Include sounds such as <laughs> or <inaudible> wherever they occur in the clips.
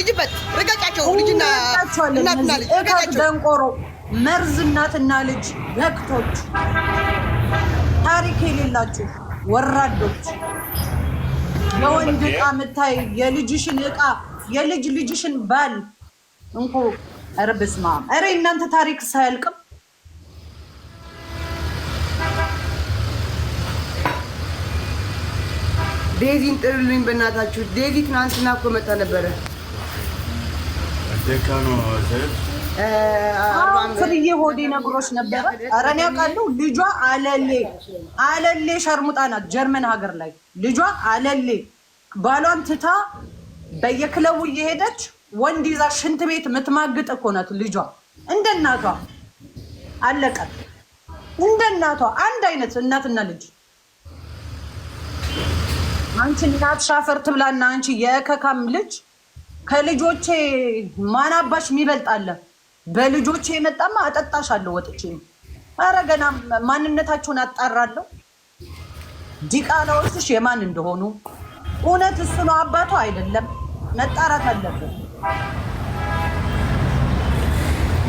ሂጂበት፣ ርገጫቸው። ልጅና እናትና ልጅ ደንቆሮ መርዝ፣ እናትና ልጅ ታሪክ የሌላችሁ ወራዶች፣ የወንድ ዕቃ ምታይ የልጅሽን የልጅ ልጅሽን ባል እንኮ ኧረ በስመ አብ! ኧረ እናንተ ታሪክ ሳያልቅም ዴዚን ጥሩልኝ በእናታችሁ። ዴዚ ትናንትና እኮ መጣ ነበረ። ፍርዬ ሆዴ ነግሮች ነበረ። ኧረ እኔ አውቃለሁ። ልጇ አለሌ አለሌ ሸርሙጣ ናት። ጀርመን ሀገር ላይ ልጇ አለሌ ባሏን ትታ በየክለቡ እየሄደች ወንድ ይዛ ሽንት ቤት የምትማግጥ እኮ ናት ልጇ። እንደ እናቷ አለቀ። እንደ እናቷ አንድ አይነት እናትና ልጅ። አንቺ እናት ሻፈር ትብላና አንቺ የከካም ልጅ ከልጆቼ ማናባሽ አለ? በልጆቼ የመጣማ አለው ወጥቼ አረ ገና ማንነታቸውን አጣራለሁ። ዲቃላዎችሽ የማን እንደሆኑ እውነት እሱ ነው አባቱ አይደለም፣ መጣራት አለብን።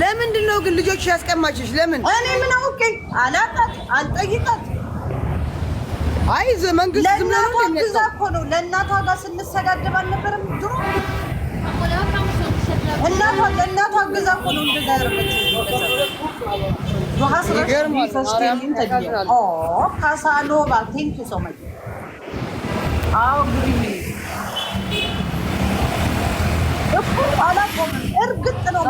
ለምንድን ነው ግን ልጆች ያስቀማችሽ? ለምን እኔ ምን አውቄ አላጣት አልጠይቃት። አይ መንግስት ዝም ብሎ ነው ለእናቷ ጋር ስንሰጋደብ አልነበረም ድሮ እናቷ አገዛ እኮ እርግጥ ነው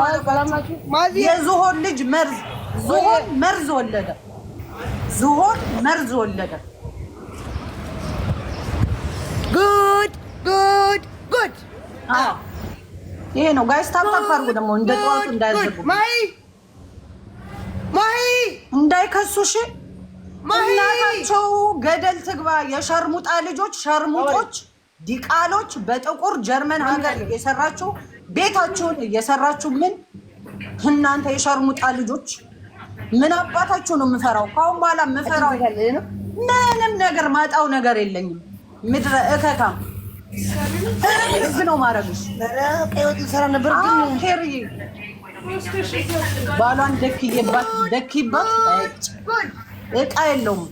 የዝሆን ልጅ መርዝ ዝሆን መርዝ ወለደ። ዝሆን መርዝ ወለደ። ጉድ ጉድ ጉድ ይሄ ነው ጋይስ። አድርጉ ደግሞ እንደ ጠዋቱ እንዳያዘጉ እንዳይከሱሽ እናታቸው ገደል ትግባ። የሸርሙጣ ልጆች ሸርሙጦች፣ ዲቃሎች በጥቁር ጀርመን ሀገር እየሰራችሁ ቤታችሁን እየሰራችሁ ምን እናንተ የሸርሙጣ ልጆች ምን አባታችሁ ነው የምፈራው? ካሁን በኋላ የምፈራው ምንም ነገር ማጣው ነገር የለኝም። ምድረ እከካም ህዝብ ነው ማረግሽ። ሰራ ባሏን ደክዬባት እቃ የለውም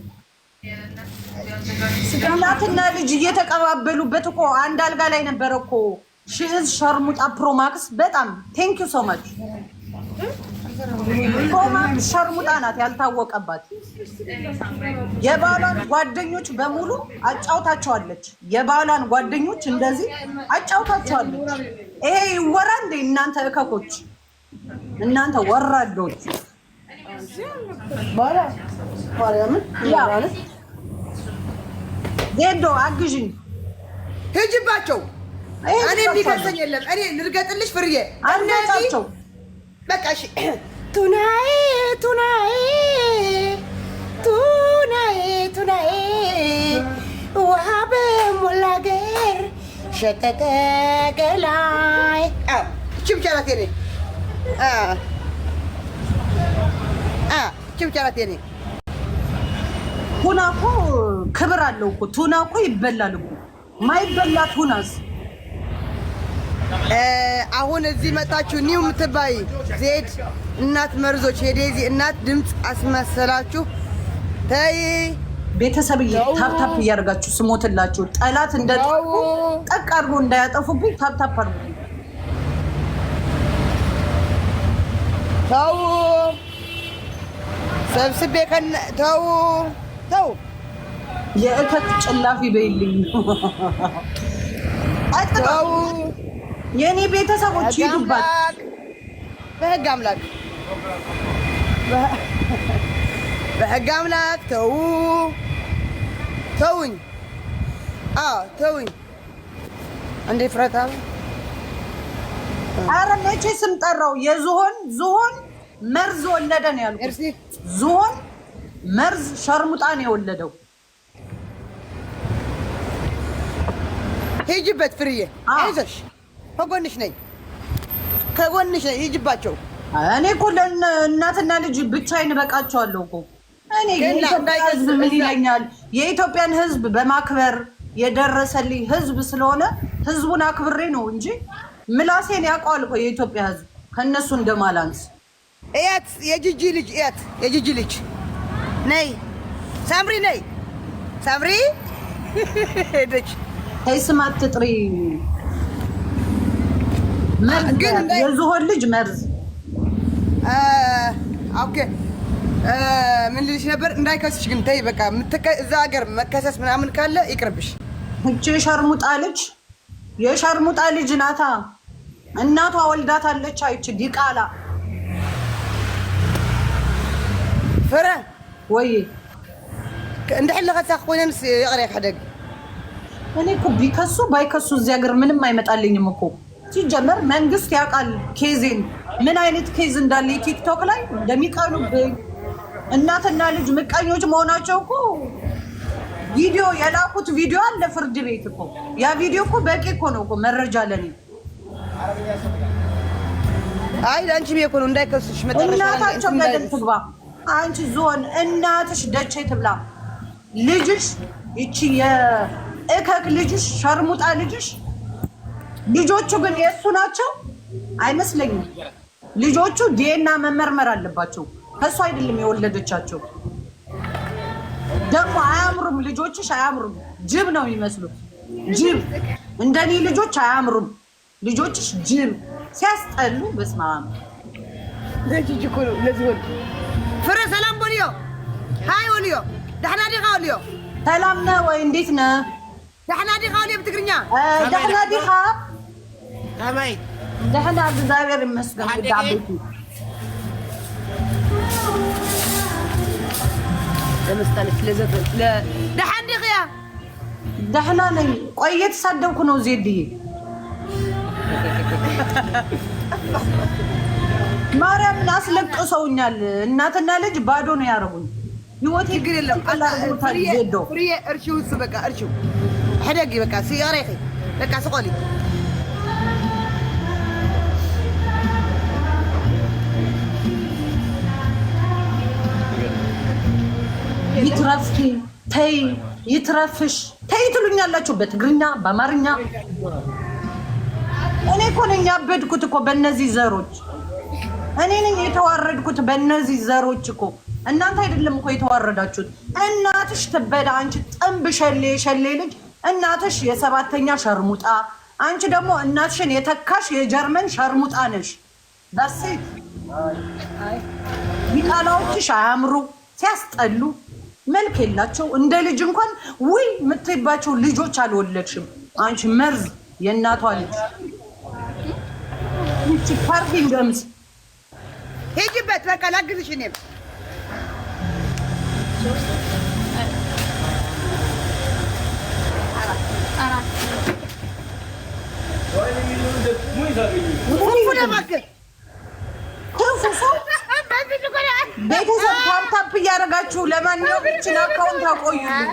እናትና ልጅ እየተቀባበሉበት እኮ አንድ አልጋ ላይ ነበረ እኮ ሽዝ ሸርሙጣ ፕሮማክስ በጣም ቴንኪው ሶ ማች ኮማንድ ሸርሙጣ ናት ያልታወቀባት። የባሏን ጓደኞች በሙሉ አጫውታቸዋለች። የባሏን ጓደኞች እንደዚህ አጫውታቸዋለች። ይሄ ይወራ እንዴ እናንተ እከኮች፣ እናንተ ወራዶች ዜዶ አግዥኝ፣ ሂጂባቸው። እኔ የሚገልጸኝ የለም። እኔ ልርገጥልሽ ፍርዬ፣ እነዚህ በቃ እሺ። ቱናዬ ቱናዬ ቱናዬ ቱናዬ ውሃ በሞላ አገር ሸቀጠ ገላይ እቺ የኔ እቺ የኔ። ቱና እኮ ክብር አለው እኮ ቱና እኮ ይበላል እኮ ማይበላ ቱናስ አሁን እዚህ መጣችሁ ኒው ምትባይ ዜድ እናት መርዞች የዴዚ እናት ድምፅ አስመሰላችሁ። ተይ ቤተሰብዬ ታፕታፕ እያደርጋችሁ ስሞትላችሁ ጠላት እንደ ጠቅ አድርጎ እንዳያጠፉብኝ ታፕታፕ አድርጉ። ተው ሰብስቤ ከነ ተው ተው የእከት ጭላፊ በይልኝ ተው የእኔ ቤተሰቦች ይሉባት በህግ አምላክ በህግ አምላክ ተው ተውኝ፣ ተውኝ። እንዴ ፍረታ አረ መቼ ስም ጠራው? የዝሆን ዝሆን መርዝ ወለደ ነው ያልኩት። ዝሆን መርዝ ሸርሙጣን የወለደው። ሂጅበት ፍርዬ አይዞሽ። ከጎንሽ ነኝ፣ ከጎንሽ ነኝ። ይጅባቸው እኔ እኮ ለእናትና ልጅ ብቻዬን እበቃቸዋለሁ እኮ እኔ። የኢትዮጵያ ሕዝብ ምን ይለኛል? የኢትዮጵያን ሕዝብ በማክበር የደረሰልኝ ሕዝብ ስለሆነ ሕዝቡን አክብሬ ነው እንጂ ምላሴን ያውቀዋል እኮ የኢትዮጵያ ሕዝብ ከእነሱ እንደማላንስ። እያት የጂጂ ልጅ እያት የጂጂ ልጅ ነይ፣ ሳምሪ ነይ፣ ሳምሪ <laughs> ሄደች። ስማት ጥሪ የዝሆን ልጅ መርዝ ምን ልልሽ ነበር? እንዳይከስሽ ግን ተይ በቃ እዛ ሀገር መከሰስ ምናምን ካለ ይቅርብሽ። እቺ የሸርሙጣ ልጅ የሸርሙጣ ልጅ ናታ። እናቷ ወልዳታለች። አይች ዲቃላ ፍረ ወይ እንድሕለኸሳ ኮይነንስ የቅሬ ከደግ እኔ እኮ ቢከሱ ባይከሱ እዚህ ሀገር ምንም አይመጣልኝም እኮ ሲጀመር መንግስት ያውቃል ኬዜን ምን አይነት ኬዝ እንዳለ የቲክቶክ ላይ እንደሚቀኑብኝ እናትና ልጅ ምቀኞች መሆናቸው እኮ ቪዲዮ የላኩት ቪዲዮ አለ ፍርድ ቤት እኮ ያ ቪዲዮ እኮ በቂ እኮ ነው እኮ መረጃ ለኔ አይ አንቺ ብዬሽ እኮ ነው እንዳይከሱሽ መጨረሻ እናታቸው ገደል ትግባ አንቺ ዞን እናትሽ ደቼ ትብላ ልጅሽ ይቺ የእከክ ልጅሽ ሸርሙጣ ልጅሽ ልጆቹ ግን የእሱ ናቸው አይመስለኝም። ልጆቹ ዲኤና መመርመር አለባቸው። ከእሱ አይደለም የወለደቻቸው። ደግሞ አያምሩም፣ ልጆችሽ አያምሩም። ጅብ ነው የሚመስሉት። ጅብ እንደኔ ልጆች አያምሩም። ልጆችሽ ጅብ ሲያስጠሉ። በስመ ፍረ ሰላም ወልዮ ሃይ ወልዮ ዳሕና ዲኻ ወልዮ ሰላም ነ ወይ? እንዴት ነ ዳሕና ዲኻ ወልዮ ብትግርኛ ዳሕና ዲኻ ደህና እግዚአብሔር ይመስገን። ቤቱ ለመስጠልሽ ደሓንዲኽ እያ ደሕና ነኝ። ቆይ እየተሳደብኩ ነው ዜድዬ ማርያምን አስለቅሰውኛል። እናትና ልጅ ባዶ ነው ያደረጉኝ። ህይወቴ ግን የለም እርሺው እሱ በቃ እርሺው ሕደግ በቃ ሲቀረይ በቃ ስቆሊ እስኪ ተይ ይትረፍሽ፣ ተይ ትሉኛላችሁ በትግርኛ በአማርኛ። እኔ እኮ ነኝ ያበድኩት እኮ በእነዚህ ዘሮች፣ እኔ ነኝ የተዋረድኩት በእነዚህ ዘሮች እኮ። እናንተ አይደለም እኮ የተዋረዳችሁት። እናትሽ ትበዳ፣ አንቺ ጥንብ ሸሌ የሸሌ ልጅ፣ እናትሽ የሰባተኛ ሸርሙጣ፣ አንቺ ደግሞ እናትሽን የተካሽ የጀርመን ሸርሙጣ ነሽ። በሴት ቢቃላዎችሽ አያምሩ ሲያስጠሉ መልክ የላቸው እንደ ልጅ እንኳን ውይ የምትባቸው ልጆች አልወለድሽም አንቺ መርዝ የእናቷ ልጅ ፓርኪንግ እምዝ ሂጂበት በቃ ላግዝሽ እኔም ለማገዝ ቤተሰብ ታፕታፕ እያደረጋችሁ ለማንኛውም ይችን አካውንት አቆዩልኝ።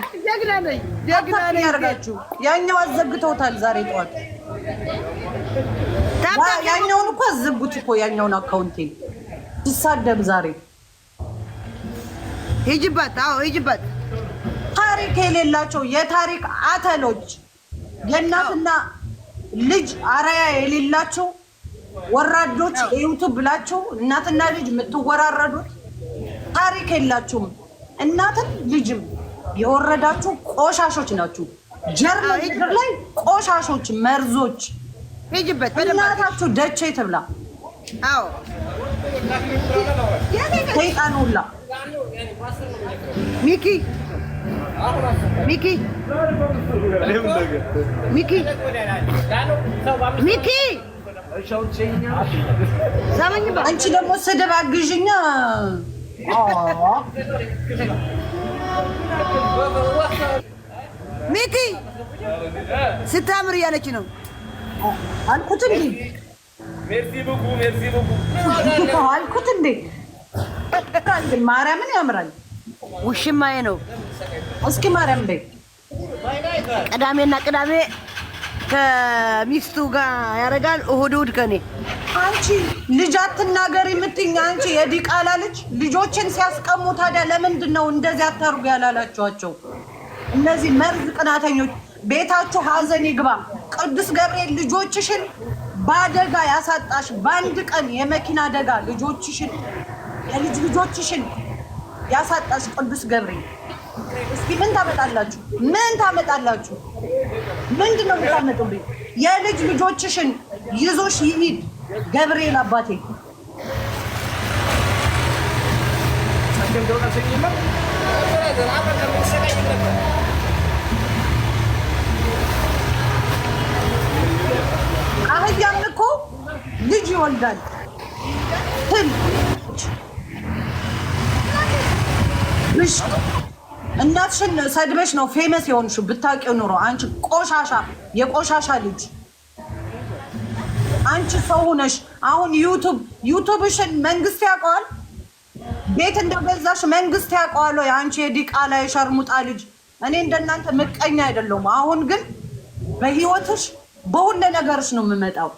ታፕታፕ እያደረጋችሁ ያኛው አዘግተውታል። ዛሬ ጠዋት ያኛውን እኮ አዘጉት እኮ ያኛውን አካውንቴ ሲሳደብ ዛሬ ሂጅበት። አዎ ሂጅበት። ታሪክ የሌላቸው የታሪክ አተሎች የእናትና ልጅ አራያ የሌላቸው ወራዶች እዩቱ ብላችሁ እናትና ልጅ የምትወራረዱት ታሪክ የላችሁም። እናትም ልጅም የወረዳችሁ ቆሻሾች ናችሁ። ጀርመን ምድር ላይ ቆሻሾች፣ መርዞች። እናታችሁ ደቼ ትብላ። አዎ ሰይጣን ሁላ ሚኪ ሚኪ ሚኪ ሚኪ አንቺ ደግሞ ስድብ አግዥኛ። ሚኪ ስታምር እያለች ነው አልኩት እንዴ አልኩት እንዴ ማርያምን ያምራል። ውሽማዬ ነው። እስኪ ማርያም በይ ቅዳሜና ቅዳሜ ከሚስቱ ጋር ያደርጋል። እሁድ እሑድ ከኔ አንቺ ልጅ አትናገሪ የምትይኝ አንቺ የዲቃላ ልጅ ልጆችን ሲያስቀሙ ታዲያ ለምንድን ነው እንደዚህ አታርጉ ያላላችኋቸው? እነዚህ መርዝ ቅናተኞች ቤታችሁ ሀዘን ይግባ። ቅዱስ ገብርኤል ልጆችሽን በአደጋ ያሳጣሽ በአንድ ቀን የመኪና አደጋ ልጆችሽን የልጅ ልጆችሽን ያሳጣሽ ቅዱስ ገብርኤል እስኪ ምን ታመጣላችሁ? ምን ታመጣላችሁ? ምንድን ነው የምታመጡብኝ? የልጅ ልጆችሽን ይዞሽ ይሂድ ገብርኤል አባቴ። አህያም እኮ ልጅ ይወልዳል ትል እናትሽን ሰድበሽ ነው ፌመስ የሆንሽው። ብታውቂው ኑሮ አንቺ ቆሻሻ፣ የቆሻሻ ልጅ አንቺ ሰው ሆነሽ አሁን ዩቱብ ዩቱብሽን መንግስት ያውቀዋል። ቤት እንደገዛሽ መንግስት ያውቀዋል። ወይ አንቺ የዲቃላ የሸርሙጣ ልጅ። እኔ እንደናንተ ምቀኛ አይደለሁም። አሁን ግን በህይወትሽ በሁለ ነገርሽ ነው የምመጣው።